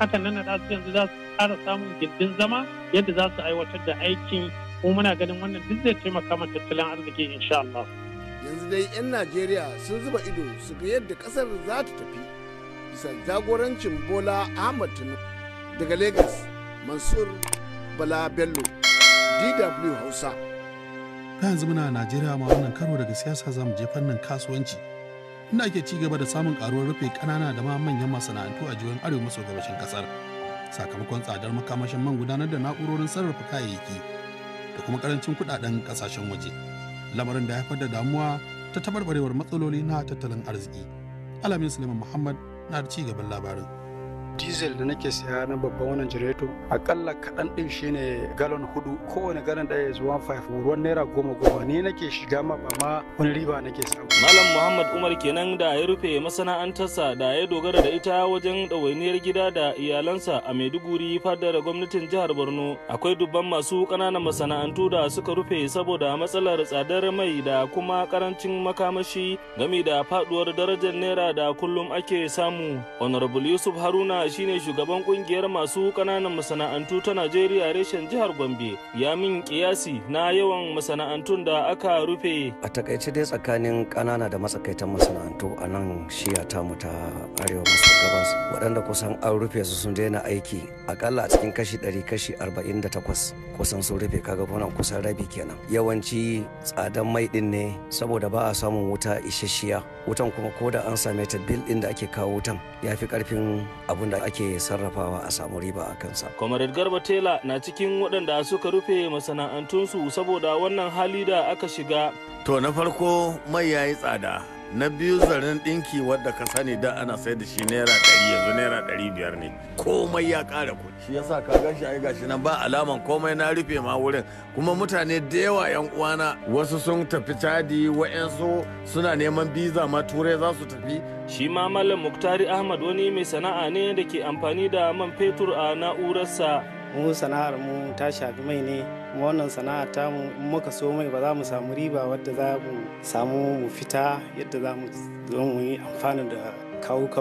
hakan nan na yanzu za su ƙara samun gindin zama yadda za su aiwatar da aikin kuma muna ganin wannan duk zai taimaka ma tattalin arziki insha Allah. Yanzu dai 'yan Najeriya sun zuba ido su ga yadda kasar za ta tafi bisa jagorancin Bola Ahmad Tinubu daga Lagos Mansur Bala Bello DW Hausa. Ta yanzu muna Najeriya ma wannan karo daga siyasa za mu je fannin kasuwanci. inda ake ci gaba da samun karuwar rufe kanana da ma manyan masana'antu a jihohin arewa maso gabashin kasar sakamakon tsadar makamashin man gudanar da na'urorin sarrafa kayayyaki da kuma karancin kudaden kasashen waje lamarin da haifar da damuwa ta tabarbarewar matsaloli na tattalin arziki alamin suleiman muhammad na da ci gaban labarin diesel da nake siya na babban wannan janareto akalla kaɗan ɗin shine galon hudu kowane galon ɗaya is 15 ruwan naira goma goma ni nake shiga ma ba ma wani riba nake samu. Malam Muhammad Umar kenan da ya rufe masana'antarsa da ya dogara da ita wajen ɗawainiyar gida da iyalansa a Maiduguri fadar gwamnatin jihar Borno akwai dubban masu ƙananan masana'antu da suka rufe saboda matsalar tsadar mai da kuma karancin makamashi game da faɗuwar darajar naira da kullum ake samu. Honorable Yusuf Haruna shine shugaban kungiyar masu kananan masana'antu ta Najeriya reshen jihar Gombe ya min kiyasi na yawan masana'antun da aka rufe. A takaice dai tsakanin kanana da matsakaitan masana'antu a nan shiya tamu ta arewa masu gabas waɗanda kusan an rufe su sun daina aiki akalla a cikin kashi ɗari kashi 48 kusan sun rufe kaga kunan kusan rabi kenan yawanci tsadan mai din ne saboda ba a samun wuta isasshiya wutan kuma ko da an same ta bil din da ake kawo wutan ya fi karfin abin da da ake sarrafawa a samu riba a kansa. Comrade Garba Tela na cikin waɗanda suka rufe masana'antunsu saboda wannan hali da aka shiga. To na farko mai yayi tsada. na biyu zaren ɗinki wadda ka sani da ana sai da shi naira ɗari yanzu naira ɗari biyar ne komai ya ƙara kuɗi shi yasa ka shi ai gashi nan ba alaman komai na rufe ma wurin kuma mutane da yawa yan uwana wasu sun tafi cadi wa'yansu suna neman biza ma turai za su tafi shi ma malam muktari ahmad wani mai sana'a ne da ke amfani da man fetur a na'urarsa mu sana'ar mu ta shafi mai ne wannan sana'a ta mu muka so mai ba za mu samu riba wadda za mu samu mu fita yadda za mu zo mu yi amfani da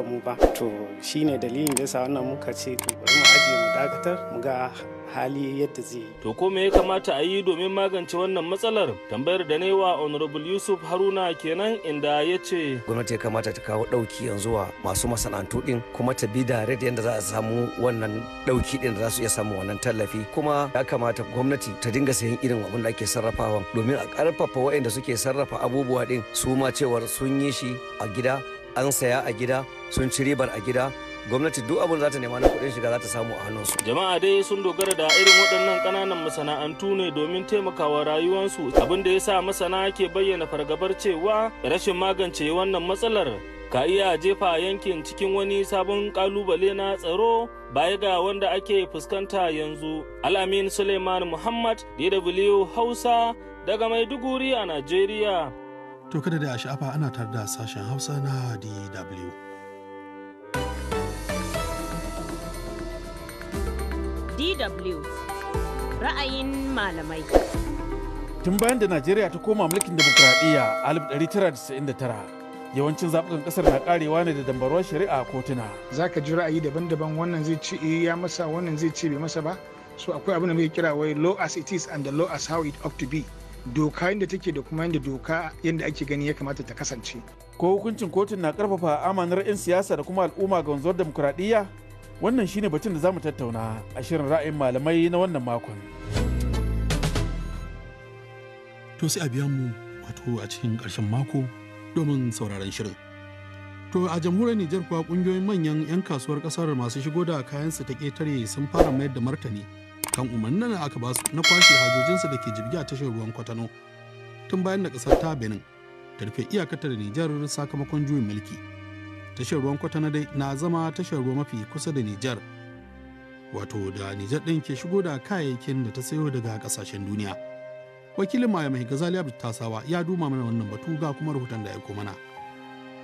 mu ba to shine dalilin da yasa wannan muka ce to bari mu aje mu dakatar mu ga hali yadda zai yi to ko me ya kamata a yi domin magance wannan matsalar tambayar da ne wa honorable yusuf haruna kenan inda ya ce gwamnati ya kamata ta kawo ɗauki yanzu wa masu masana'antu din kuma ta bi da yadda za a samu wannan ɗauki ɗin da za su iya samu wannan tallafi kuma ya kamata gwamnati ta dinga sayan irin abin da ake sarrafawa domin a ƙarfafa waɗanda suke sarrafa abubuwa ɗin su ma cewar sun yi shi a gida an saya a gida sun ci ribar a gida gwamnati duk abin za ta nema na kuɗin shiga za ta samu a hannunsu. jama'a dai sun dogara da irin waɗannan ƙananan masana'antu ne domin taimakawa rayuwarsu abin da ya sa masana ke bayyana fargabar cewa rashin magance wannan matsalar ka iya jefa yankin cikin wani sabon ƙalubale na tsaro baya ga wanda ake fuskanta yanzu alamin suleiman muhammad dw hausa daga maiduguri a najeriya To kada da sha'afa ana tare da sashen Hausa na DW. DW ra'ayin malamai. Tun bayan da Najeriya ta koma mulkin demokuraɗiyya a 1999 yawancin zaɓukan ƙasar na ƙarewa ne da dambarwar shari'a kotuna. Za ka ji ra'ayi daban-daban wannan zai ce eh, ya masa wannan zai ce bai masa ba. So akwai abin da muke kira wai law as it is and the law as how it ought to be. doka yadda take da kuma yadda doka yadda ake gani ya kamata ta kasance ko hukuncin kotun na karfafa amanar 'yan siyasa da kuma al'umma ga wanzuwar demokuraɗiyya wannan shine batun da za mu tattauna a shirin ra'ayin malamai na wannan makon to sai a biya mu wato a cikin ƙarshen mako domin sauraron shirin To a jamhuriyar Nijar kuwa kungiyoyin manyan 'yan kasuwar kasar masu shigo da kayan su ta ƙetare sun fara mayar da martani kan umarnin da aka basu na kwashe hajojinsa da ke jirgi a tashar ruwan kwatano tun bayan da kasar ta benin ta rufe iyakatar da nijar sakamakon juyin mulki tashar ruwan kwatano dai na zama tashar ruwa mafi kusa da nijar wato da nijar din ke shigo da kayayyakin da ta sayo daga ƙasashen duniya wakilin mai mai gazali abdu tasawa ya duma mana wannan batu ga kuma rahoton da ya mana.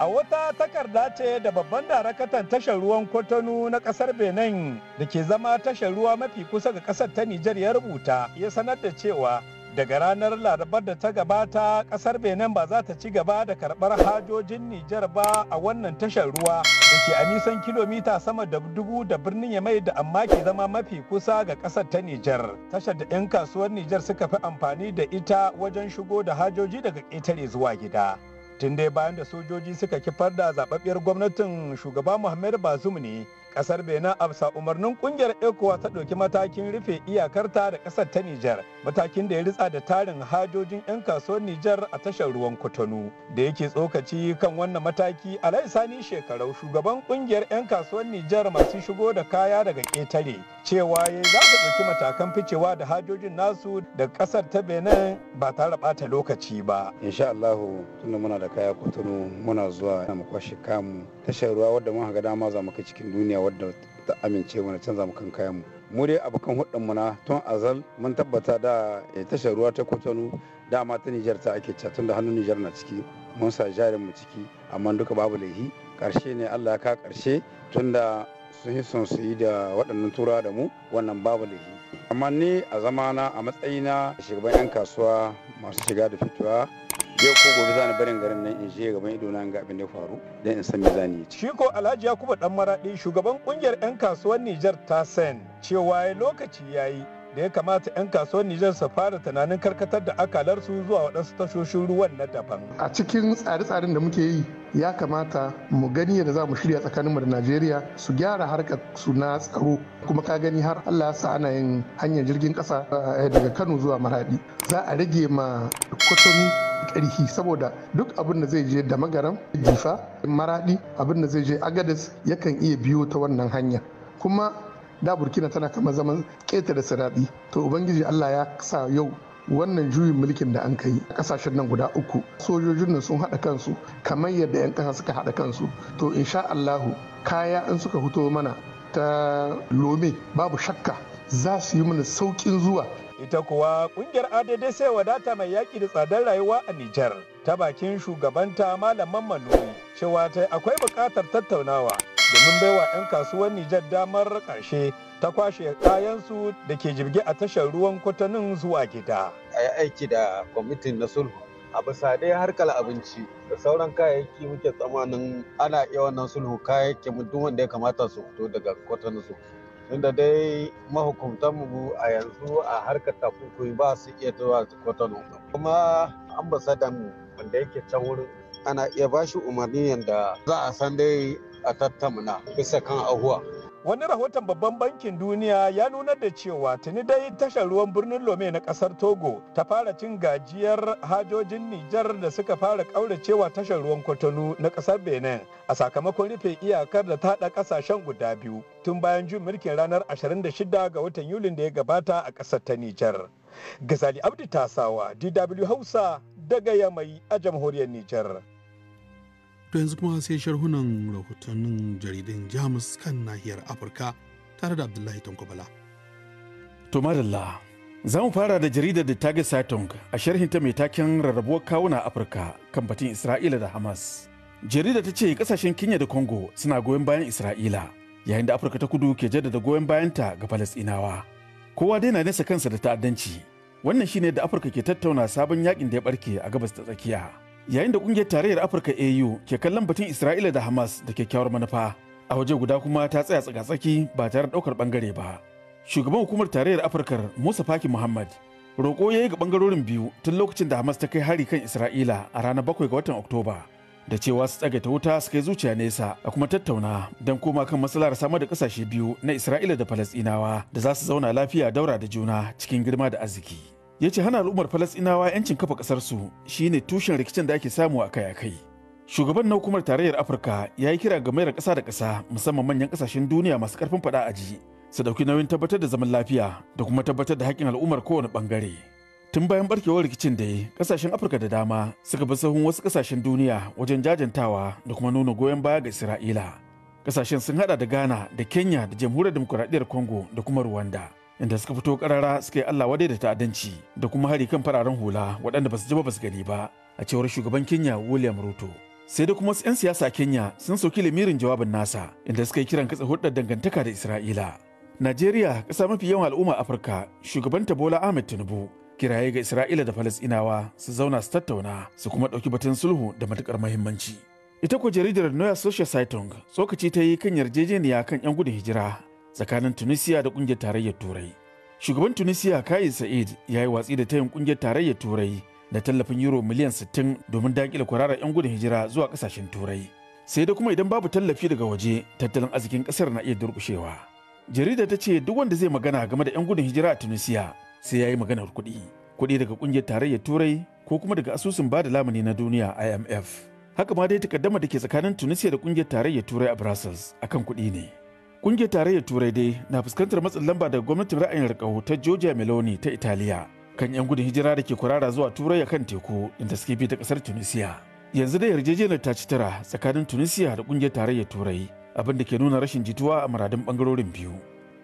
a wata takarda ce da babban darakatan tashar ruwan kwatano na kasar benin da ke zama tashar ruwa mafi kusa ga kasar ta nijar ya rubuta ya sanar da cewa daga ranar larabar da ta gabata kasar benin ba za ta ci gaba da karbar hajojin nijar ba a wannan tashar ruwa da ke a nisan kilomita sama da dubu da birnin ya mai da amma ke zama mafi kusa ga kasar ta nijar tashar da 'yan kasuwar nijar suka fi amfani da ita wajen shigo da hajoji daga ƙetare zuwa gida tun dai bayan da sojoji suka kifar da zababbiyar gwamnatin shugaba muhammadu bazumu ne kasar benin afsa umarnin kungiyar ecowa ta ɗauki matakin rufe iyakarta da ƙasar ta nijar matakin da ya ritsa da tarin hajojin 'yan kasuwar nijar a tashar ruwan kotonu da yake tsokaci kan wannan mataki a sani shekarau shugaban kungiyar 'yan kasuwar nijar masu shigo da kaya daga ƙetare cewa ya za su ɗauki matakan ficewa da hajojin nasu da ƙasar ta benin ba tare ɓata lokaci ba insha allahu tunda muna da kaya kotonu muna zuwa na mu kwashe kamu tashar ruwa wadda muka ga dama za mu kai cikin duniya wadda ta amince mana canza mu kan kayan mu mu dai abokan hudun mu na tun azal mun tabbata da eh, tashar ruwa ta kotonu dama ta nijar ta ake ca tun da hannun nijar na ciki mun sa jarin mu ciki amma duka babu laihi karshe ne Allah ya ka karshe tun da sun yi son su yi da waɗannan tura da mu wannan babu laihi amma ni a zamana a matsayina shugaban 'yan kasuwa masu shiga da fitowa yau ko gobe za ni barin garin nan in je gaban ido na ga abin da faru dan in san me za ni shi ko Alhaji Yakubu dan Maradi shugaban kungiyar 'yan kasuwar Nijar ta sen cewa ya lokaci yayi da ya kamata 'yan kasuwar Nijar su fara tunanin karkatar da akalarsu zuwa wadansu tashoshin ruwan na daban. A cikin tsare-tsaren da muke yi ya kamata mu gani yadda za mu shirya tsakaninmu da Najeriya su gyara harkar su na tsaro kuma ka gani har Allah ya sa ana yin hanyar jirgin kasa eh, daga Kano zuwa Maradi. Za a rage ma kwatoni ƙarfi saboda duk abin da zai je da magaram jifa maradi abin da zai je agadas yakan iya biyo ta wannan hanya kuma da burkina tana kama zaman keta da siradi to ubangiji allah ya sa yau wannan juyin mulkin da an kai a kasashen nan guda uku sojojin nan sun haɗa kansu kamar yadda 'yan ƙasa suka haɗa kansu to insha allahu kaya in suka fito mana ta lome babu shakka za su yi mana sauƙin zuwa ita kuwa kungiyar adade sai wadata mai yaƙi da tsadar rayuwa a Nijar ta bakin shugabanta malaman manomi cewa ta akwai buƙatar tattaunawa domin baiwa 'yan kasuwar Nijar damar ƙarshe ta kwashe kayansu da ke jirgi a tashar ruwan kwatanin zuwa gida. A yi aiki da kwamitin na sulhu a bisa dai harkar abinci da sauran kayayyaki muke tsamanin ana iya wannan sulhu kayayyakin duk wanda ya kamata su fito daga kwatanin su. inda dai mu a yanzu a harkar takunkumi ba su iya zuwa kwatano kuma ambasadan wanda yake can wurin ana iya bashi shi umarni yadda za a san dai a tattamna bisa kan ahuwa wani rahoton babban bankin duniya ya nunar da cewa tuni dai tashar ruwan birnin lome na kasar togo ta fara cin gajiyar hajojin nijar da suka fara kauracewa tashar ruwan kotonu na kasar benin a sakamakon rufe iyakar da ta haɗa ƙasashen guda biyu tun bayan jin mulkin ranar 26 ga watan yulin da ya gabata a ƙasar ta nijar gazali abdu tasawa dw hausa daga yamai a jamhuriyar nijar To yanzu kuma sai sharhunan rahotannin jaridun Jamus kan nahiyar Afirka tare da Abdullahi Tankobala. To madalla, za mu fara da jaridar da Tage Satong a ta mai taken rarrabuwar kawuna Afirka kan batun Isra'ila da Hamas. jarida ta ce kasashen Kenya da Congo suna goyon bayan Isra'ila, yayin da Afirka ta kudu ke jaddada goyon bayanta ga Falasɗinawa. Kowa dai na nesa kansa da ta'addanci. Wannan shine da Afirka ke tattauna sabon yakin da ya barke a gabas ta tsakiya. yayin da kungiyar tarayyar afirka au ke kallon batun isra'ila da hamas da kyakkyawar manufa a waje guda kuma ta tsaya tsakatsaki ba tare da ɗaukar ɓangare ba shugaban hukumar tarayyar afirka musa faki muhammad roƙo ya yi ga ɓangarorin biyu tun lokacin da hamas ta kai hari kan isra'ila a ranar bakwai ga watan oktoba da cewa su tsagaita wuta su kai zuciya nesa a kuma tattauna don koma kan matsalar samar da kasashe biyu na isra'ila da falasɗinawa da za su zauna lafiya daura da juna cikin girma da arziki. ya ce hana al'ummar falasɗinawa 'yancin kafa ƙasarsu shine tushen rikicin da ake samu a kai a kai shugaban na hukumar tarayyar afirka ya yi kira ga mayar ƙasa da ƙasa musamman manyan ƙasashen duniya masu ƙarfin faɗa a ji su ɗauki nauyin tabbatar da zaman lafiya da kuma tabbatar da haƙƙin al'ummar kowane ɓangare tun bayan barkewar rikicin da ƙasashen afirka da dama suka bi sahun wasu ƙasashen duniya wajen jajantawa da kuma nuna goyon baya ga isra'ila ƙasashen sun haɗa da ghana da kenya da jamhuriyar demokuraɗiyyar congo da kuma rwanda inda suka fito karara suka yi Allah wadai da ta'addanci da kuma hari kan fararen hula waɗanda ba su ji ba su gani ba a cewar shugaban Kenya William Ruto. Sai da kuma 'yan siyasa Kenya sun sauki lamirin jawabin nasa inda suka yi kiran katsa hulɗar dangantaka da Isra'ila. Najeriya ƙasa mafi yawan al'umma Afirka shugaban Bola Ahmed Tinubu kiraye ga Isra'ila da Falasɗinawa su zauna su tattauna su kuma ɗauki batun sulhu da matuƙar muhimmanci. Ita ko jaridar Noya Social sightung tsokaci ta yi kan yarjejeniya kan 'yan gudun hijira tsakanin tunisia da kungiyar tarayyar turai shugaban tunisia kayi sa'id ya yi watsi da tayin kungiyar tarayyar turai da tallafin euro miliyan 60 domin dakile kwararar 'yan gudun hijira zuwa kasashen turai sai da kuma idan babu tallafi daga waje tattalin arzikin kasar na iya durkushewa jarida ta ce duk wanda zai magana game da 'yan gudun hijira a tunisia sai ya yi maganar kuɗi kuɗi daga kungiyar tarayyar turai ko kuma daga asusun bada lamuni na duniya imf haka ma dai takaddama da ke tsakanin tunisia da kungiyar tarayyar turai a brussels akan kuɗi ne Kungiyar tarayyar Turai dai na fuskantar matsin lamba daga gwamnatin ra'ayin rikau ta Georgia Meloni ta Italiya kan 'yan gudun hijira da ke kurara zuwa Turai kan teku inda suke bi ta kasar Tunisia. Yanzu dai yarjejeniyar ta ci tara tsakanin Tunisia da kungiyar tarayyar Turai abin da ke nuna rashin jituwa a muradun bangarorin biyu.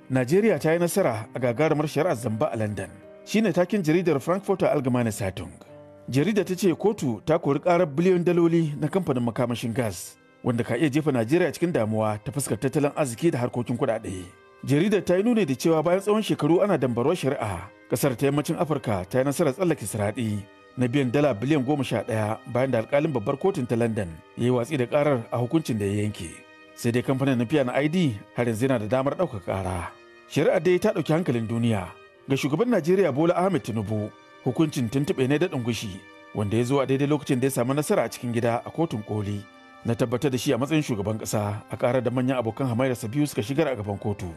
Najeriya ta yi nasara a gagarumar shari'ar zamba a London. Shine takin jaridar Frankfurter Allgemeine Zeitung. Jarida ta ce kotu ta kori karar biliyan daloli na kamfanin makamashin gas wanda ka iya jefa Najeriya cikin damuwa ta fuskar tattalin arziki da harkokin kuɗaɗe. Jaridar ta yi nuni da cewa bayan tsawon shekaru ana dambarwar shari'a, kasar ta yammacin Afirka ta yi nasarar tsallake siraɗi na biyan dala biliyan goma sha ɗaya bayan da alƙalin babbar kotun ta London ya yi watsi da ƙarar a hukuncin da ya yanke. Sai dai kamfanin fiya na ID har yanzu yana da damar ɗaukar ƙara. Shari'a dai ta ɗauki hankalin duniya ga shugaban Najeriya Bola Ahmed Tinubu hukuncin tuntuɓe ne daɗin gushi wanda ya zo a daidai lokacin da ya samu nasara a cikin gida a kotun koli na tabbatar da shi a matsayin shugaban kasa a ƙara da manyan abokan hamayarsa biyu suka shigar a gaban kotu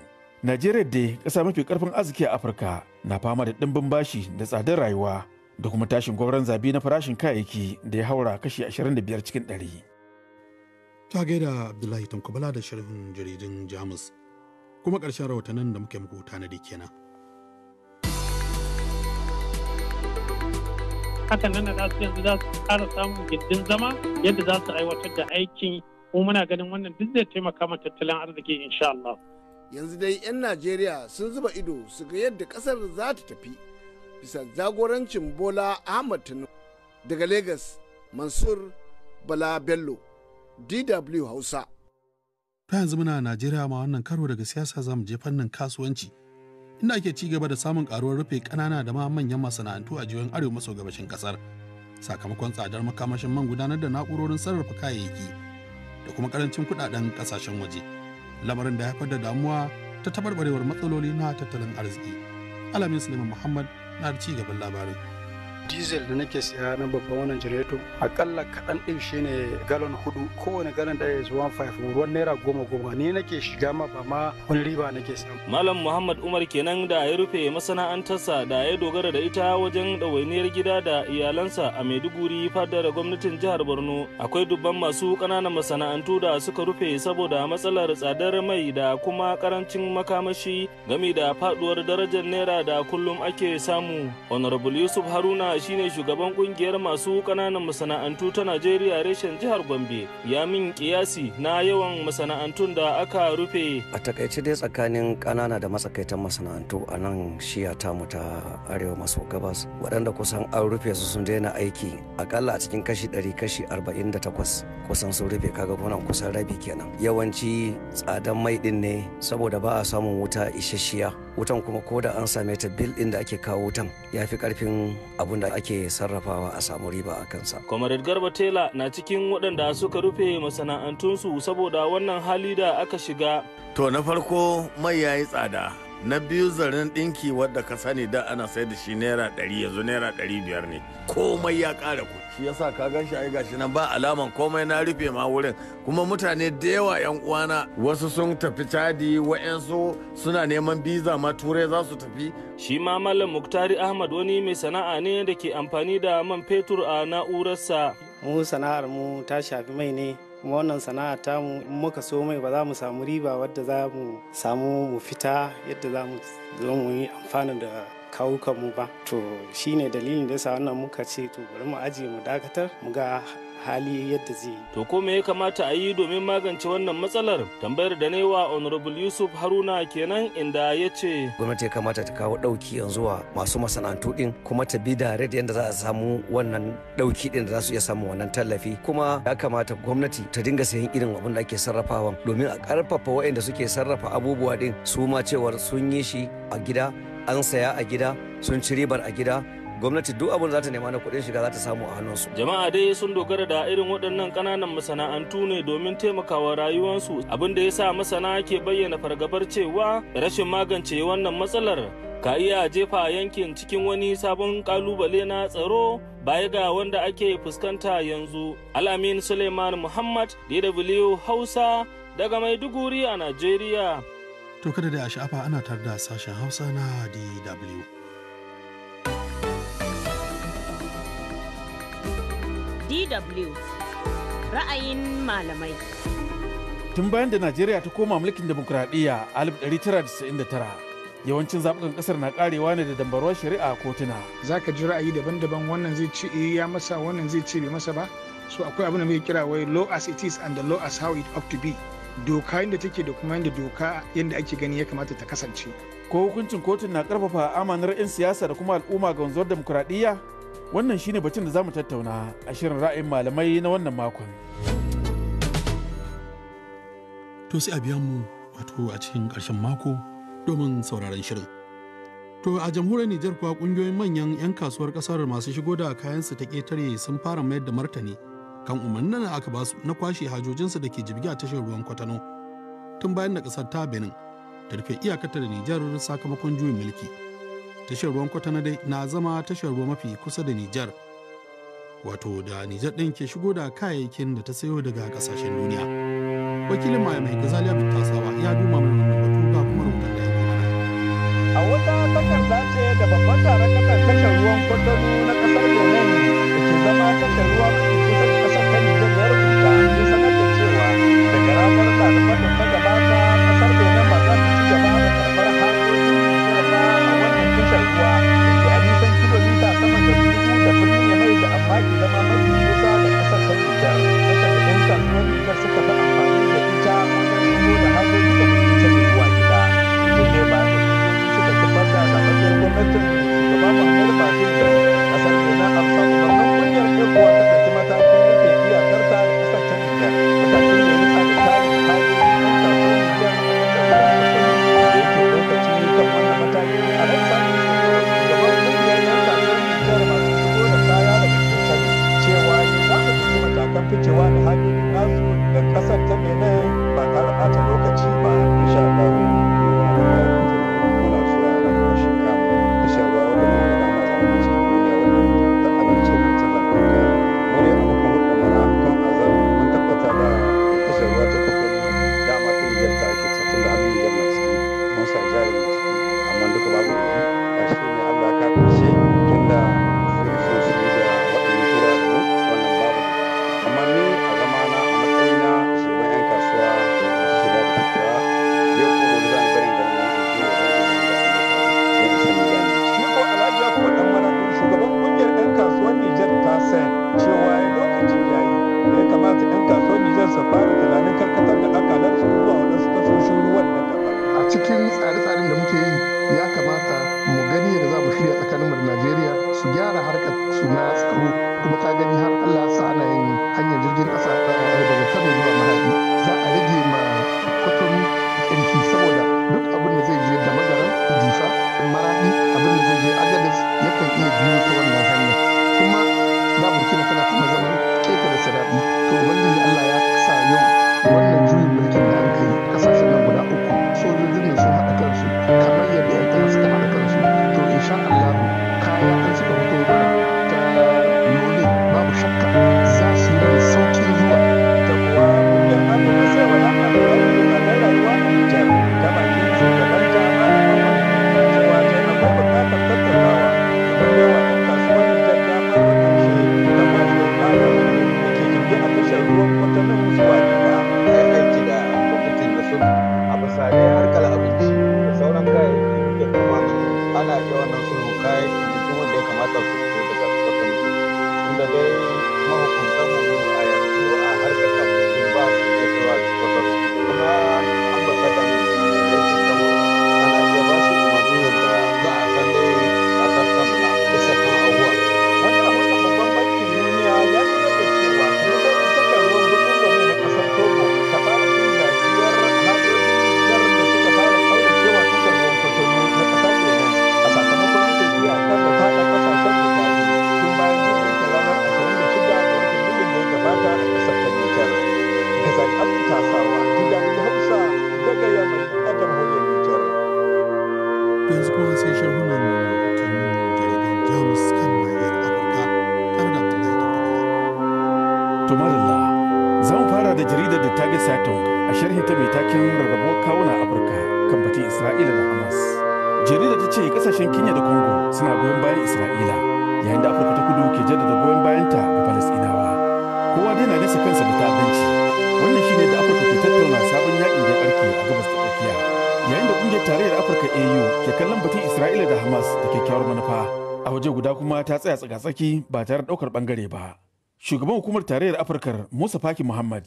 najeriya dai ƙasa mafi karfin arziki a afirka na fama da ɗimbin bashi da tsadar rayuwa da kuma tashin gwamnan zabi na farashin kayayyaki da ya haura kashi 25 cikin 100 ta gaida abdullahi tankobala da sharhin jaridun jamus kuma ƙarshen rahotannin da muke muku tanadi kenan hakan nan da su yanzu za su kara samun gindin zama yadda za su aiwatar da aikin ko muna ganin wannan duk zai taimaka ma tattalin arziki insha Allah. Yanzu dai 'yan Najeriya sun zuba ido su ga yadda kasar za ta tafi bisa jagorancin Bola Ahmad Tinubu daga lagos Mansur Bala Bello DW Hausa. Ta yanzu muna Najeriya ma wannan karo daga siyasa za mu je fannin kasuwanci. inda ake ci gaba da samun karuwar rufe kanana da ma manyan masana'antu a jihohin arewa maso gabashin kasar sakamakon tsadar makamashin man gudanar da na'urorin sarrafa kayayyaki da kuma karancin kudaden kasashen waje lamarin da haifar da damuwa ta tabarbarewar matsaloli na tattalin arziki alamin suleiman muhammad na ci gaban labarin diesel da nake siya na babban wannan janareto akalla kaɗan ɗin shine galon hudu kowane galon da ya 15 ruwan naira goma goma ni nake shiga ma ba ma wani riba nake samu. malam muhammad umar kenan da ya rufe masana'antarsa da ya dogara da ita wajen ɗawainiyar gida da iyalansa a maiduguri fadar gwamnatin jihar borno akwai dubban masu ƙananan masana'antu da suka rufe saboda matsalar tsadar mai da kuma karancin makamashi game da faduwar darajar naira da kullum ake samu honorable yusuf haruna shine shugaban kungiyar masu kananan masana'antu ta Najeriya reshen jihar Gombe ya min kiyasi na yawan masana'antun da aka rufe. A takaice dai tsakanin kanana da matsakaitan masana'antu a nan shiya tamu ta arewa maso gabas waɗanda kusan an rufe su sun daina aiki akalla a cikin kashi ɗari kashi arba'in da takwas kusan sun rufe kaga kunan kusan rabi kenan yawanci tsadan mai ɗin ne saboda ba a samun wuta isasshiya wutan kuma ko da an same ta bil ɗin da ake kawo wutan ya fi karfin abun da ake sarrafawa a samu riba a kansa. Comrade Garba Tela na cikin waɗanda suka rufe masana'antunsu saboda wannan hali da aka shiga. To na farko mai yayi tsada na biyu zaren ɗinki wadda ka sani da ana sai da shi naira ɗari yanzu naira ɗari biyar ne komai ya ƙara ku shi yasa ka gan shi ai gashi nan ba alaman komai na rufe ma wurin kuma mutane da yawa yan uwana wasu sun tafi cadi wa'yansu suna neman biza ma turai za su tafi shi ma malam muktari ahmad wani mai sana'a ne da ke amfani da man fetur a na'urarsa mu sana'ar mu ta shafi mai ne kuma wannan sana'a tamu in muka so mai ba za mu samu riba wadda za mu samu mu fita yadda za mu zo mu yi amfani da kawukanmu ba to shine dalilin da yasa wannan muka ce to bari mu ajiye mu dakatar mu ga hali yadda zai yi. To ko ya kamata a yi domin magance wannan matsalar? Tambayar da ne wa Honorable Yusuf Haruna kenan inda ya ce. Gwamnati ya kamata ta kawo ɗauki yanzu wa masu masana'antu ɗin kuma ta bi da red yadda za a samu wannan ɗauki ɗin da za su iya samun wannan tallafi. Kuma ya kamata gwamnati ta dinga sayan irin abin da ake sarrafawa domin a ƙarfafa waɗanda suke sarrafa abubuwa ɗin su ma cewar sun yi shi a gida an saya a gida sun ci ribar a gida gwamnati duk abin za ta nema na kuɗin shiga za ta samu a hannunsu. jama'a dai sun dogara da irin waɗannan ƙananan masana'antu ne domin taimakawa rayuwarsu abin da ya sa masana ke bayyana fargabar cewa rashin magance wannan matsalar ka iya jefa yankin cikin wani sabon kalubale na tsaro baya ga wanda ake fuskanta yanzu alamin suleiman muhammad dw hausa daga maiduguri a najeriya to kada da a sha'afa ana tar da sashen hausa na dw DW ra'ayin malamai. Tun bayan da Najeriya ta koma mulkin demokuraɗiyya a 1999 yawancin zaɓukan ƙasar na ƙarewa ne da dambarwar shari'a a kotuna. Za ka ji ra'ayi daban-daban wannan zai ce eh, ya masa wannan zai ce bai masa ba. So akwai abin da muke kira wai law as it is and the law as how it ought to be. Doka yadda take da kuma yadda doka yadda ake gani ya kamata ta kasance. Ko hukuncin kotun na ƙarfafa amanar 'yan siyasa da kuma al'umma ga wanzuwar demokuraɗiyya? wannan shine batun da zamu tattauna a shirin ra'ayin malamai na wannan makon to sai a biya mu wato a cikin ƙarshen mako domin sauraron shirin to a jamhuriyar Nijar kuwa kungiyoyin manyan 'yan kasuwar ƙasar masu shigo da kayansu ta ƙetare sun fara mayar da martani kan umarnin da aka basu na kwashe hajojinsu da ke jibgi a tashar ruwan kwatano tun bayan da kasar ta benin ta rufe iyakarta da nijar sakamakon juyin mulki tashar ruwan kwatana dai na zama tashar ruwa mafi kusa da nijar wato da nijar ɗin ke shigo da kayayyakin da ta sayo daga kasashen duniya wakilin maya mai gazaliya tasawa ya duma mai wannan batu ga kuma rahoton da ya a wata takarda ce da babban taron tashar ruwan kwatano na ƙasar domin da ke zama tashar ruwa da zaɓen tasawa gidan Hausa daga Yamai a jamhuriyar Nijar. Yanzu kuma sai shahunan jaridar Jamus kan nahiyar Afirka tare da Abdullahi Tumarilla. Za mu fara da jaridar da Target Saturn a sharhinta mai taken rarrabuwar kawuna Afirka kan batun Isra'ila da Hamas. Jaridar ta ce kasashen Kenya da Congo suna goyon bayan Isra'ila yayin da Afirka ta kudu ke jaddada goyon bayanta ga Falasɗinawa. Kowa dai na nesa kansa da ta'addanci wannan shine da afirka ke tattauna sabon yakin da barke a gabas ta tsakiya yayin da kungiyar tarayyar afirka au ke kallon batun isra'ila da hamas da kyakkyawar manufa a waje guda kuma ta tsaya tsaka-tsaki ba tare da ɗaukar bangare ba shugaban hukumar tarayyar afirka musa faki muhammad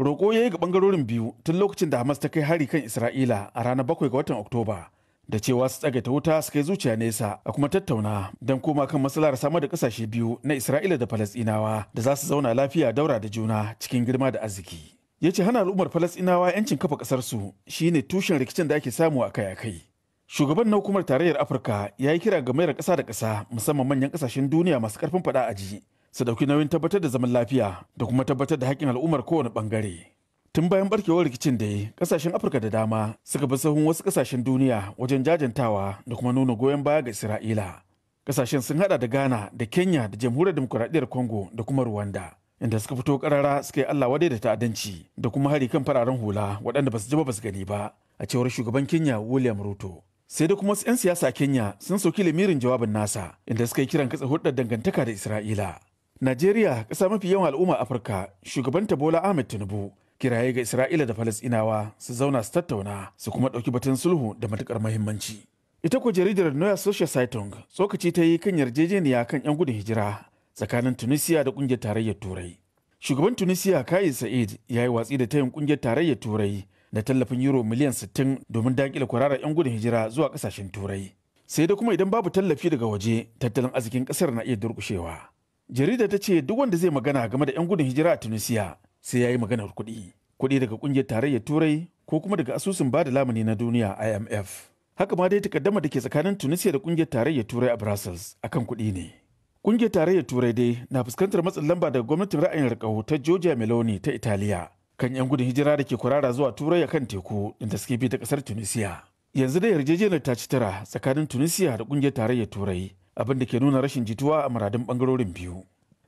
roƙo ya yi ga bangarorin biyu tun lokacin da hamas ta kai hari kan isra'ila a ranar bakwai ga watan oktoba da cewa su tsagaita wuta su kai zuciya nesa a kuma tattauna don koma kan matsalar samar da kasashe biyu na isra'ila da falasɗinawa da za su zauna lafiya daura da juna cikin girma da arziki ya ce hana al'ummar falasɗinawa 'yancin kafa ƙasarsu shine tushen rikicin da ake samu a kai a kai shugaban na hukumar tarayyar afirka ya yi kira ga mayar ƙasa da ƙasa musamman manyan ƙasashen duniya masu ƙarfin faɗa a ji su ɗauki nauyin tabbatar da zaman lafiya da kuma tabbatar da haƙƙin al'ummar kowane ɓangare tun bayan barkewar rikicin da yi ƙasashen afirka da dama suka bi sahun wasu ƙasashen duniya wajen jajantawa da kuma nuna goyon baya ga isra'ila ƙasashen sun haɗa da ghana da kenya da jamhuriyar demokuraɗiyyar congo da kuma rwanda inda suka fito karara suka yi Allah wadai da ta'addanci da kuma hari kan fararen hula waɗanda ba su ji ba su gani ba a cewar shugaban Kenya William Ruto. Sai da kuma wasu 'yan siyasa Kenya sun soki lamirin jawabin nasa inda suka yi kiran kasa hulɗar dangantaka da Isra'ila. Najeriya ƙasa mafi yawan al'umma Afirka shugabanta Bola Ahmed Tinubu kiraye ga Isra'ila da Falasɗinawa su zauna su tattauna su kuma ɗauki batun sulhu da matuƙar muhimmanci. Ita ko jaridar Noya Social Saitung tsokaci ta yi kan yarjejeniya kan 'yan gudun hijira tsakanin tunisia da kungiyar tarayyar turai shugaban tunisia kayi sa'id ya yi watsi da tayin kungiyar tarayyar turai da tallafin euro miliyan 60 domin dakile kwararar 'yan gudun hijira zuwa kasashen turai sai da kuma idan babu tallafi daga waje tattalin arzikin kasar na iya durkushewa jarida ta ce duk wanda zai magana game da 'yan gudun hijira a tunisia sai ya yi maganar kuɗi kuɗi daga kungiyar tarayyar turai ko kuma daga asusun bada lamuni na duniya imf haka ma dai takaddama da ke tsakanin tunisia da kungiyar tarayyar turai a brussels akan kuɗi ne Kungiyar tarayyar Turai dai na fuskantar matsin lamba daga gwamnatin ra'ayin rikau ta Georgia Meloni ta Italiya kan 'yan gudun hijira da ke kurara zuwa Turai kan teku da suke bi ta kasar Tunisia. Yanzu dai yarjejeniyar ta ci tara tsakanin Tunisia da kungiyar tarayyar Turai abin da ke nuna rashin jituwa a muradun bangarorin biyu.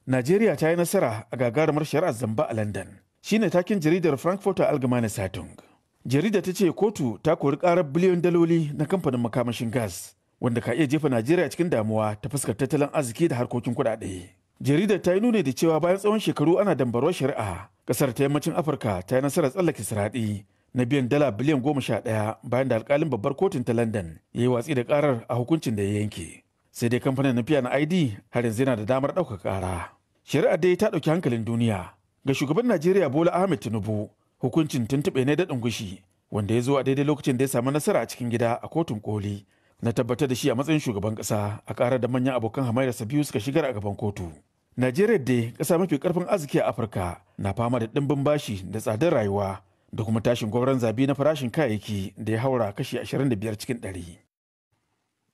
Najeriya ta yi nasara a gagarumar shari'ar zamba a London. Shine takin jaridar Frankfurter Allgemeine Zeitung. Jarida ta ce kotu ta kori karar biliyan daloli na kamfanin makamashin gas wanda ka iya jefa Najeriya cikin damuwa ta fuskar tattalin arziki da harkokin kuɗaɗe. Jaridar ta yi nuni da cewa bayan tsawon shekaru ana dambarwar shari'a, ƙasar ta yammacin Afirka ta yi nasarar tsallake siraɗi na biyan dala biliyan goma sha ɗaya bayan da alƙalin babbar kotun ta London ya yi watsi da ƙarar a hukuncin da ya yanke. Sai dai kamfanin na na ID har yanzu yana da damar ɗaukar ƙara. Shari'a dai ta ɗauki hankalin duniya ga shugaban Najeriya Bola Ahmed Tinubu hukuncin tuntuɓe ne daɗin gushi wanda ya zo a daidai lokacin da ya samu nasara a cikin gida a kotun koli na tabbatar da shi a matsayin shugaban ƙasa a ƙara da manyan abokan hamayyarsa biyu suka shigar a gaban kotu. Najeriya dai ƙasa mafi ƙarfin arziki a Afirka na fama da ɗimbin bashi da tsadar rayuwa da kuma tashin gwauran zabi na farashin kayayyaki da ya haura kashi 25 cikin 100.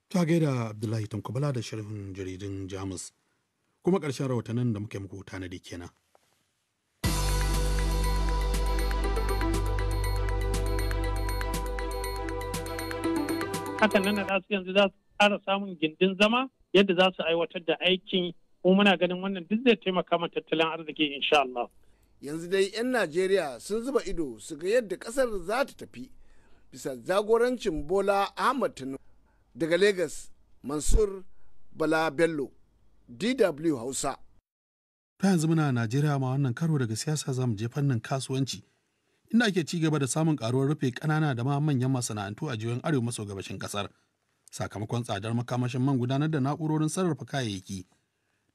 Ta gaida Abdullahi Tankobala da shirin jaridun Jamus. Kuma ƙarshen rahotannin da muke muku tanadi kenan. hakan nan da su yanzu za su ƙara samun gindin zama yadda za su aiwatar da aikin mu muna ganin wannan duk zai taimaka ma tattalin arziki insha Allah. Yanzu dai 'yan Najeriya sun zuba ido su ga yadda ƙasar za ta tafi bisa jagorancin Bola Ahmad Tinubu daga lagos Mansur Bala Bello DW Hausa. Ta yanzu muna Najeriya ma wannan karo daga siyasa za mu je fannin kasuwanci. inda ake ci gaba da samun karuwar rufe ƙanana da ma manyan masana'antu a jihohin arewa maso gabashin ƙasar sakamakon tsadar makamashin man gudanar da na'urorin sarrafa kayayyaki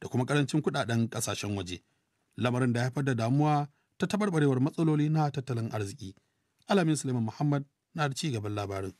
da kuma karancin kuɗaɗen ƙasashen waje lamarin da haifar da damuwa ta tabarbarewar matsaloli na tattalin arziki alamin suleiman muhammad na da ci gaban labarin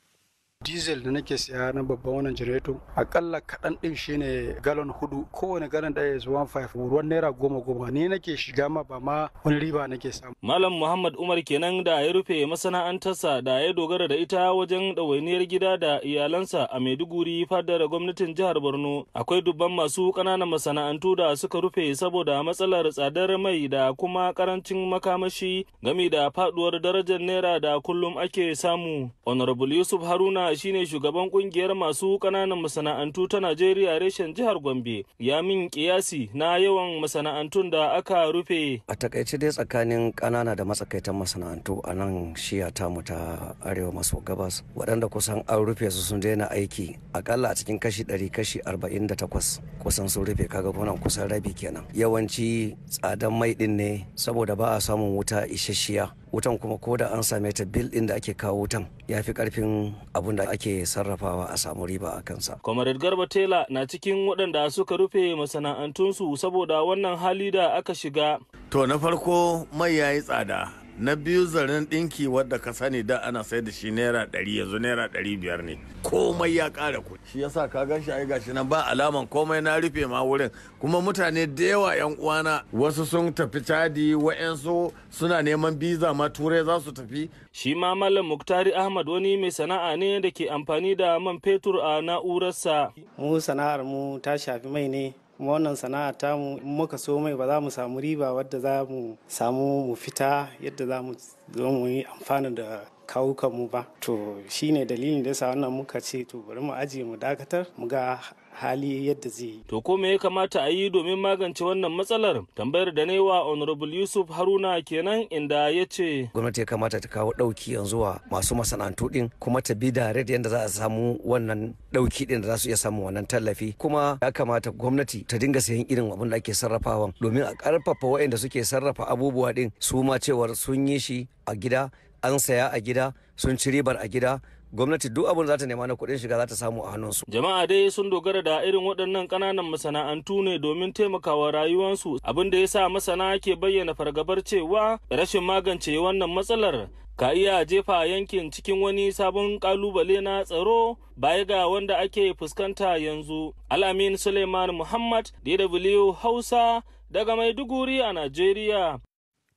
diesel da nake siya na babban wannan janareto akalla kaɗan ɗin shine galon hudu kowane galon ɗaya is 15 ruwan naira goma goma ni nake shiga ma ba ma wani riba nake samu. malam muhammad umar kenan da ya rufe masana'antarsa da ya dogara da ita wajen ɗawainiyar gida da iyalansa a maiduguri fadar gwamnatin jihar borno akwai dubban masu ƙananan masana'antu da suka rufe saboda matsalar tsadar mai da kuma karancin makamashi game da faɗuwar darajar naira da kullum ake samu honorable yusuf haruna shine shugaban kungiyar masu kananan masana'antu ta Najeriya reshen jihar Gombe ya min kiyasi na yawan masana'antun da aka rufe. A takaice dai tsakanin kanana da matsakaitan masana'antu a nan shiya tamu ta arewa maso gabas waɗanda kusan an rufe su sun daina aiki akalla a cikin kashi ɗari kashi arba'in da takwas kusan sun rufe kaga kunan kusan rabi kenan yawanci tsadan mai ɗin ne saboda ba a samun wuta isasshiya wutan kuma ko da an same ta bil din da ake kawo wutan ya fi karfin abun da ake sarrafawa a samu riba a kansa. Kwamarar Garba Tela na cikin waɗanda suka rufe masana'antunsu saboda wannan hali da aka shiga. To na farko mai yayi tsada na biyu zaren ɗinki wadda ka sani da ana sai da shi naira ɗari yanzu naira ɗari biyar ne komai ya ƙara kuɗi shi yasa ka gan shi ai gashi nan ba alaman komai na rufe ma wurin kuma mutane da yawa yan uwana wasu sun tafi cadi wa'yansu suna neman biza ma turai za su tafi shi ma malam muktari ahmad wani mai sana'a ne da ke amfani da man fetur a na'urarsa mu sana'ar mu ta shafi mai ne kuma wannan sana'a tamu muka so mai ba za mu samu riba wadda za mu samu mu fita yadda za mu zo mu yi amfani da kawukan mu ba to shine dalilin da yasa wannan muka ce to bari mu ajiye mu dakatar mu ga hali yadda zai To ko me ya kamata a yi domin magance wannan matsalar? Tambayar da wa Honorable Yusuf Haruna kenan inda ya ce. Gwamnati ya kamata ta kawo ɗauki yanzu wa masu masana'antu ɗin kuma ta bi da yadda za a samu wannan ɗauki ɗin da za su iya samu wannan tallafi kuma ya kamata gwamnati ta dinga sayan irin abin da ake sarrafawa domin a karfafa waɗanda suke sarrafa abubuwa ɗin su ma cewar sun yi shi a gida an saya a gida sun ci ribar a gida gwamnati duk abin za ta nema na kuɗin shiga za ta samu a hannunsu. Jama'a dai sun dogara da irin waɗannan ƙananan masana'antu ne domin taimakawa rayuwarsu abin da ya sa masana ke bayyana fargabar cewa rashin magance wannan matsalar ka iya jefa yankin cikin wani sabon kalubale na tsaro baya ga wanda ake fuskanta yanzu. Alamin Suleiman Muhammad, DW Hausa, daga Maiduguri a Najeriya.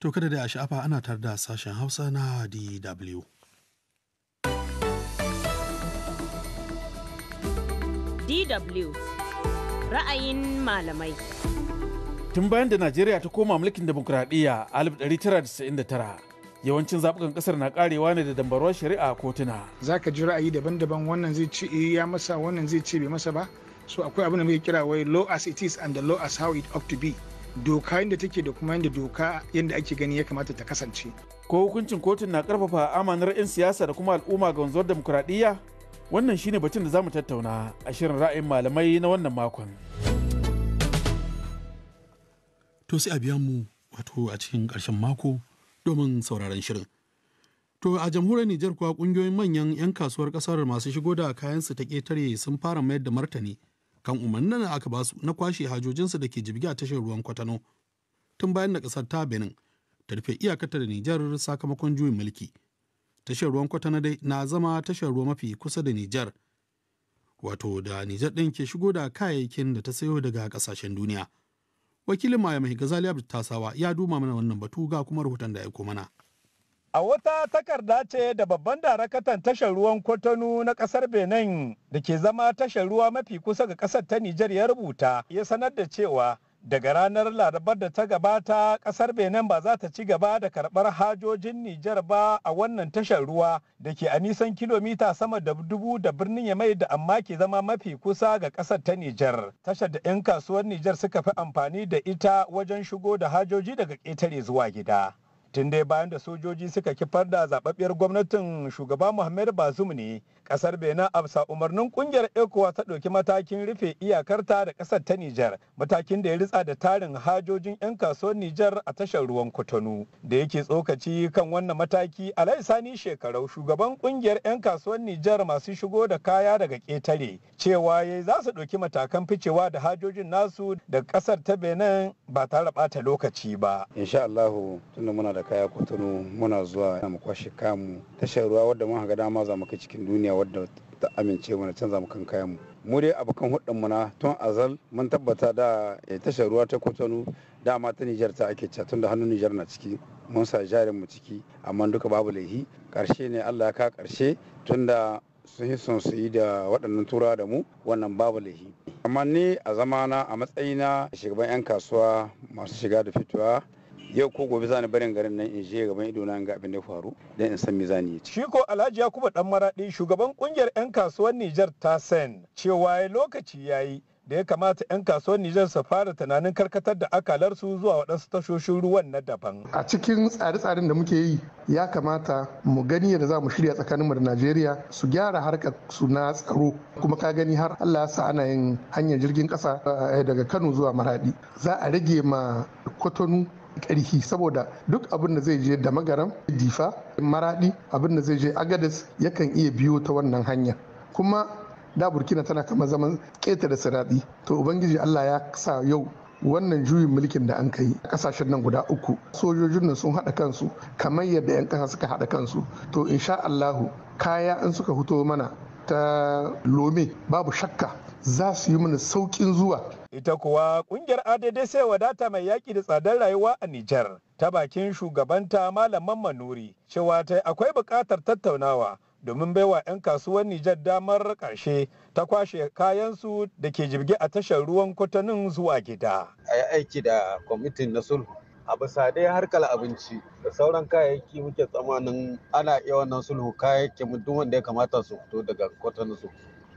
To kada da a sha'afa ana tare da sashen Hausa na DW. DW ra'ayin malamai. Tun bayan da Najeriya ta koma mulkin demokuraɗiyya a 1999 yawancin zaɓukan ƙasar na ƙarewa ne da dambarwar shari'a a kotuna. Za ka ji ra'ayi daban-daban wannan zai ce eh, ya masa wannan zai ci bai masa ba. So akwai abin da muke kira wai law as it is and the law as how it ought to be. Doka yadda take da kuma yadda doka yadda ake gani ya kamata ta kasance. Ko hukuncin kotun na ƙarfafa amanar 'yan siyasa da kuma al'umma ga wanzuwar demokuraɗiyya? Wannan shine batun da za mu tattauna a shirin ra'ayin malamai na wannan makon. To sai a biya mu wato a cikin ƙarshen mako domin sauraron shirin. To a jamhuriyar Nijar kuwa kungiyoyin manyan 'yan kasuwar kasar masu shigo da kayansu ta ƙetare sun fara mayar da martani kan umarnin da aka basu na kwashe hajojinsu da ke jibgi a tashar ruwan kwatano tun bayan da ƙasar ta Benin ta rufe iyakarta da Nijar sakamakon juyin mulki. tashar ruwan kwatana dai na zama tashar ruwa mafi kusa da nijar wato da nijar ɗin ke shigo da kayayyakin da ta sayo daga ƙasashen duniya wakilin maya mai gazali abdu tasawa ya duma mana wannan batu ga kuma rahoton da ya aiko mana A wata takarda ce da babban darakatan tashar ruwan kwatanu na kasar Benin da ke zama tashar ruwa mafi kusa ga ƙasar ta Nijar ya rubuta ya sanar da cewa daga ranar larabar da ta gabata kasar benin ba za ta ci gaba da karbar hajojin nijar ba a wannan tashar ruwa da ke a nisan kilomita sama da dubu da birnin ya mai da amma ke zama mafi kusa ga kasar ta nijar tashar da 'yan kasuwar nijar suka fi amfani da ita wajen shigo da hajoji daga ƙetare zuwa gida tun dai bayan da sojoji suka kifar da zababbiyar gwamnatin shugaba muhammed bazum ne kasar benin afsa umarnin kungiyar ecowa ta ɗauki matakin rufe iyakarta da ƙasar ta nijar matakin da ya ritsa da tarin hajojin 'yan kasuwar nijar a tashar ruwan kotonu da yake tsokaci kan wannan mataki alai sani shekarau shugaban kungiyar 'yan kasuwar nijar masu shigo da kaya daga ƙetare cewa ya za su ɗauki matakan ficewa da hajojin nasu da ƙasar ta benin ba tare ɓata lokaci ba insha allahu tunda muna da da kaya kwatano muna zuwa mu kwashe kamu tashar ruwa wadda mun ga dama za mu kai cikin duniya wadda ta amince mana canza mu kan kayan mu mu dai abokan hudun mu na tun azal mun tabbata da eh, tashar ruwa ta kwatano dama ta Nijar ta ake catun tunda hannun Nijar na ciki mun sa jarin mu ciki amma duka babu laihi karshe ne Allah ya ka karshe tunda sun yi son su yi da waɗannan tura da mu wannan babu laihi amma ni a zamana a matsayina shugaban 'yan kasuwa masu shiga da fitowa yau ko gobe zani barin garin nan in je gaban ido na ga abin da ya faru dan in san me zani yi shi ko Alhaji Yakubu dan Maradi shugaban kungiyar 'yan kasuwar Niger ta sen cewa lokaci yayi da ya kamata 'yan kasuwar Nijar su fara tunanin karkatar da akalarsu zuwa waɗansu tashoshin ruwan na daban. A cikin tsare-tsaren da muke yi ya kamata mu gani yadda za mu shirya tsakanin mu da Najeriya su gyara harkar su na tsaro kuma ka gani har Allah ya sa ana yin hanyar jirgin ƙasa eh, daga Kano zuwa Maradi. Za a rage ma Kotonu ƙarfi saboda duk abin da zai je da magaram difa maradi abin da zai je agadas yakan iya biyo ta wannan hanya kuma da burkina tana kama zaman keta da siradi to ubangiji allah ya sa yau wannan juyin mulkin da an kai a kasashen nan guda uku sojojin nan sun haɗa kansu kamar yadda 'yan ƙasa suka haɗa kansu to insha allahu kaya in suka fito mana ta lomi babu shakka za su yi mana saukin zuwa ita kuwa kungiyar adadai sai wadata mai yaƙi da tsadar rayuwa a nijar ta bakin shugabanta malam manuri cewa ta akwai buƙatar tattaunawa domin baiwa 'yan kasuwar Nijar damar ƙarshe ta kwashe kayansu da ke jirgi a tashar ruwan kwatanin zuwa gida. A yi aiki da kwamitin na sulhu a bisa dai harkar abinci da sauran kayayyaki muke tsamanin ana iya wannan sulhu kayayyakin duk wanda ya kamata su fito daga kwatan su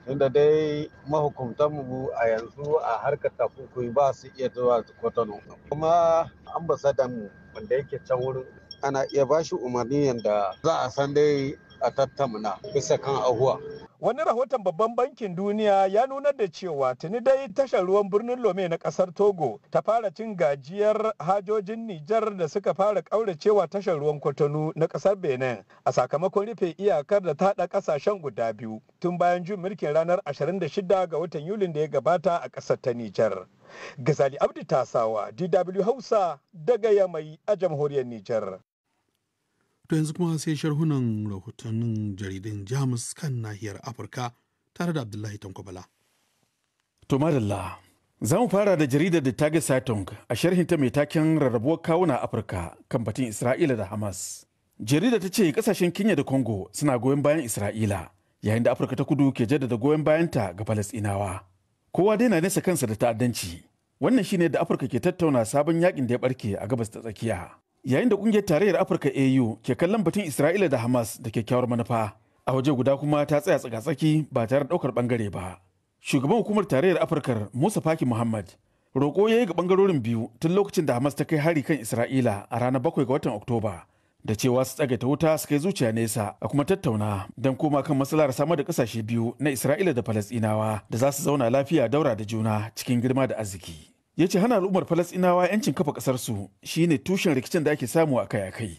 inda dai mahukuntanmu a yanzu a harkar takunkumi ba su iya zuwa kwatano kuma mu wanda yake can wurin ana iya ba shi umarni yadda za a san dai a tattamuna bisa kan ahuwa wani rahoton babban bankin duniya ya nunar da cewa tuni dai tashar ruwan birnin lome na kasar togo ta fara cin gajiyar hajojin nijar da suka fara cewa tashar ruwan kwatano na kasar benin a sakamakon rufe iyakar da ta haɗa ƙasashen guda biyu tun bayan jin mulkin ranar 26 ga watan yulin da ya gabata a ƙasar ta nijar gazali abdi tasawa dw hausa daga yamai a jamhuriyar nijar To yanzu kuma sai sharhunan rahotannin jaridun Jamus kan nahiyar Afirka tare da Abdullahi Tankwabala. To madalla, za mu fara da jaridar da Tage Satong a sharhin ta mai taken rarrabuwar kawuna Afirka kan batun Isra'ila da Hamas. jarida ta ce kasashen Kenya da Congo suna goyon bayan Isra'ila yayin da Afirka ta kudu ke jaddada goyon bayanta ga Falasɗinawa. Kowa dai na nesa kansa da ta'addanci. Wannan shine da Afirka ke tattauna sabon yakin da ya barke a gabas ta tsakiya. yayin da kungiyar tarayyar afirka au ke kallon batun isra'ila da hamas da kyakkyawar manufa a waje guda kuma ta tsaya tsakatsaki ba tare da ɗaukar ɓangare ba shugaban hukumar tarayyar afirka musa faki muhammad roƙo ya yi ga ɓangarorin biyu tun lokacin da hamas ta kai hari kan isra'ila a ranar bakwai ga watan oktoba da cewa su tsage ta wuta su kai zuciya nesa a kuma tattauna don koma kan matsalar samar da ƙasashe biyu na isra'ila da falasɗinawa da za su zauna lafiya daura da juna cikin girma da arziki ya ce hana al'ummar falasɗinawa 'yancin kafa ƙasarsu shine tushen rikicin da ake samu a kai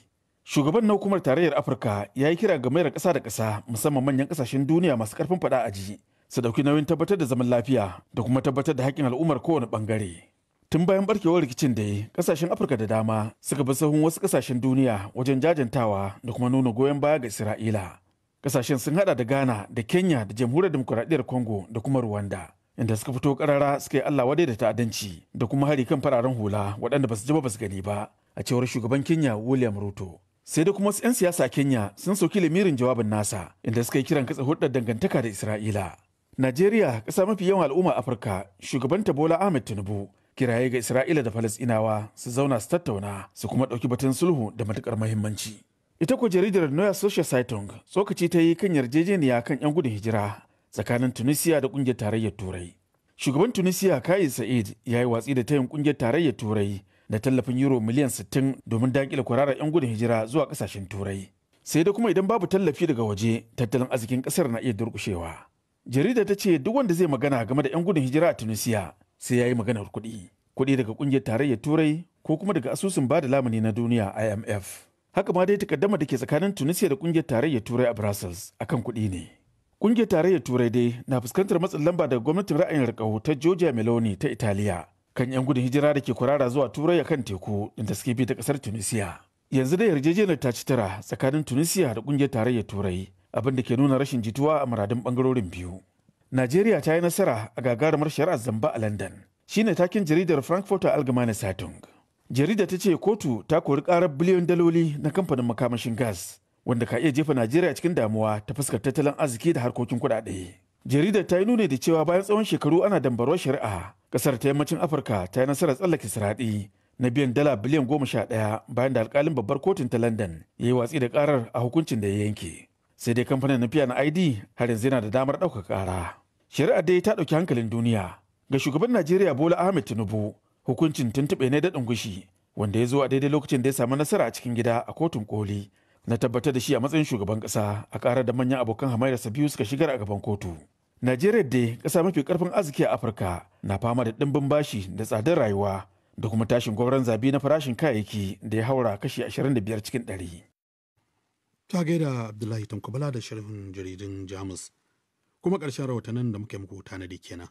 shugaban na hukumar tarayyar afirka ya yi kira ga mayar ƙasa da ƙasa musamman manyan ƙasashen duniya masu ƙarfin faɗa a ji su ɗauki nauyin tabbatar da zaman lafiya da kuma tabbatar da haƙƙin al'ummar kowane ɓangare tun bayan barkewar rikicin da ƙasashen afirka da dama suka bi sahun wasu ƙasashen duniya wajen jajantawa da kuma nuna goyon baya ga isra'ila ƙasashen sun haɗa da ghana da kenya da jamhuriyar demokuraɗiyyar congo da kuma rwanda inda suka fito karara suka yi Allah wadai da ta'addanci da kuma hari kan fararen hula waɗanda ba su ji ba gani ba a cewar shugaban Kenya William Ruto. Sai da kuma 'yan siyasa Kenya sun soki lamirin jawabin nasa inda suka yi kiran kasa hudar dangantaka da Isra'ila. Najeriya ƙasa mafi yawan al'umma Afirka shugabanta Bola Ahmed Tinubu kiraye ga Isra'ila da Falasɗinawa su zauna su tattauna su kuma ɗauki batun sulhu da matuƙar muhimmanci. Ita ko jaridar Noya Social Saitung tsokaci ta yi kan yarjejeniya kan 'yan gudun hijira tsakanin tunisia da kungiyar tarayyar turai shugaban tunisia kayi sa'id ya yi watsi da tayin kungiyar tarayyar turai da tallafin euro miliyan 60 domin dakile kwarara 'yan gudun hijira zuwa kasashen turai sai da kuma idan babu tallafi daga waje tattalin arzikin ƙasar na iya durkushewa jarida ta ce duk wanda zai magana game da 'yan gudun hijira a tunisia sai ya yi maganar kuɗi kuɗi daga ƙungiyar tarayyar turai ko kuma daga asusun ba da lamuni na duniya imf haka ma dai takaddama da ke tsakanin tunisia da ƙungiyar tarayyar turai a brussels akan kuɗi ne Ƙungiyar tarayyar Turai dai na fuskantar matsin lamba daga gwamnatin ra'ayin riƙau ta Georgia Meloni ta Italiya kan 'yan gudun hijira da ke kurara zuwa Turai kan teku da suke bi ta kasar Tunisia. Yanzu dai yarjejeniyar ta ci tara tsakanin Tunisia da ƙungiyar tarayyar Turai abin da ke nuna rashin jituwa a muradun ɓangarorin biyu. Najeriya ta yi nasara a gagarumar shari'ar zamba a London. Shine takin jaridar Frankfurter Allgemeine Zeitung. Jarida ta ce kotu ta kori karar biliyon daloli na kamfanin makamashin gas wanda ka iya jefa Najeriya cikin damuwa ta fuskar tattalin arziki da harkokin kuɗaɗe. Jaridar ta yi nuni da cewa bayan tsawon shekaru ana dambarwar shari'a, ƙasar ta yammacin Afirka ta yi nasarar tsallake siraɗi na biyan dala biliyan goma sha ɗaya bayan da alƙalin babbar kotun ta London ya yi watsi da ƙarar a hukuncin da ya yanke. Sai dai kamfanin na na ID har yanzu yana da damar ɗaukar ƙara. Shari'a dai ta ɗauki hankalin duniya. Ga shugaban Najeriya Bola Ahmed Tinubu hukuncin tuntuɓe ne daɗin gushi wanda ya zo a daidai lokacin da ya samu nasara a cikin gida a kotun koli na tabbatar da shi a matsayin shugaban ƙasa a ƙara da manyan abokan sa biyu suka shigar a gaban kotu. Najeriya da ƙasa mafi ƙarfin arziki a Afirka na fama da ɗimbin bashi da tsadar rayuwa da kuma tashin gwamnan zabi na farashin kayayyaki da ya haura kashi 25 cikin ɗari. Ta gaida Abdullahi Tankobala da sharhin jaridun Jamus kuma ƙarshen rahotannin da muke muku tanadi kenan.